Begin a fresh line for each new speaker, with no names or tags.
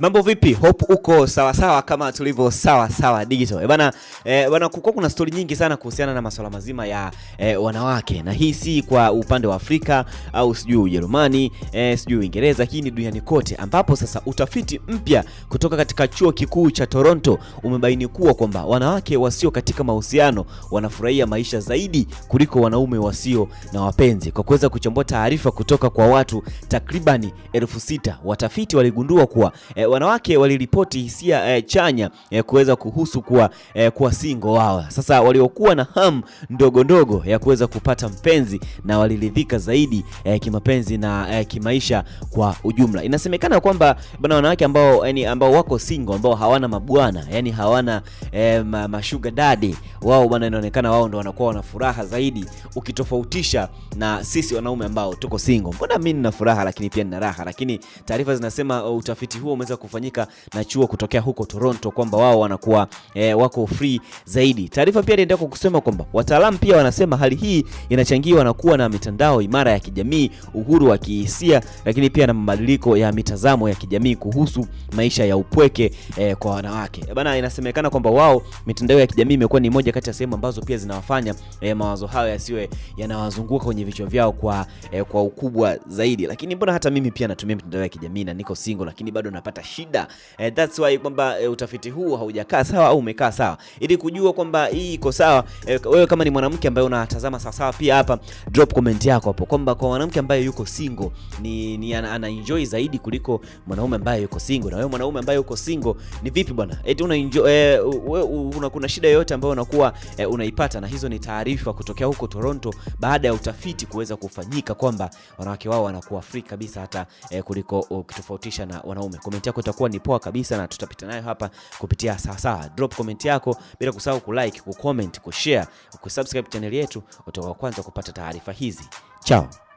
mambo vipi? Hope uko sawa sawa kama tulivyo sawa sawa digital. Eh bana, e, bana, kuko kuna story nyingi sana kuhusiana na masuala mazima ya e, wanawake na hii si kwa upande wa Afrika au sijui Ujerumani, e, sijui Uingereza, hii ni duniani kote ambapo sasa utafiti mpya kutoka katika chuo kikuu cha Toronto umebaini kuwa kwamba wanawake wasio katika mahusiano wanafurahia maisha zaidi kuliko wanaume wasio na wapenzi. Kwa kuweza kuchambua taarifa kutoka kwa watu takribani elfu sita watafiti waligundua kuwa e, wanawake waliripoti hisia eh, chanya eh, kuweza kuhusu kuwa, eh, kuwa single wao. Sasa waliokuwa na hamu ndogo ndogo ya kuweza kupata mpenzi na waliridhika zaidi eh, kimapenzi na eh, kimaisha kwa ujumla. Inasemekana kwamba bwana, wanawake ambao yani, ambao wako single ambao hawana mabwana yani hawana eh, mashuga daddy wao bwana, inaonekana wao ndo wanakuwa wana furaha zaidi ukitofautisha na sisi wanaume ambao tuko single. Mbona mimi nina furaha lakini pia nina raha, lakini taarifa zinasema uh, utafiti huo umeweza kufanyika na chuo kutokea huko Toronto, kwamba wao wanakuwa e, wako free zaidi. Taarifa pia iliendelea kusema kwamba wataalamu pia wanasema hali hii inachangiwa na kuwa na mitandao imara ya kijamii, uhuru wa kihisia, lakini pia na mabadiliko ya mitazamo ya kijamii kuhusu maisha ya upweke e, kwa wanawake. E, bana, inasemekana kwamba wao mitandao ya kijamii imekuwa ni moja kati ya sehemu ambazo pia zinawafanya e, mawazo hayo yasiwe yanawazunguka kwenye vichwa vyao kwa, e, kwa ukubwa zaidi. Lakini mbona hata mimi pia natumia mitandao ya kijamii na niko single, lakini bado napata shida eh, that's why kwamba eh, utafiti huu haujakaa sawa au umekaa sawa, ili kujua kwamba hii iko sawa. Eh, wewe kama ni mwanamke ambaye unatazama sawa sawa, pia hapa drop comment yako hapo kwamba kwa mwanamke ambaye yuko single ni, ni ana, ana enjoy zaidi kuliko mwanaume ambaye yuko single. Na wewe mwanaume ambaye yuko single ni vipi bwana? Eti una enjoy eh, una kuna shida yoyote ambayo unakuwa eh, unaipata? Na hizo ni taarifa kutokea huko Toronto baada ya utafiti kuweza kufanyika kwamba wanawake wao wanakuwa free kabisa hata eh, kuliko ukitofautisha na wanaume. Comment yako itakuwa ni poa kabisa, na tutapita nayo hapa kupitia sawasawa. Drop comment yako bila kusahau kulike, kucomment, kushare, kusubscribe channel yetu, utakuwa kwanza kupata taarifa hizi. Chao.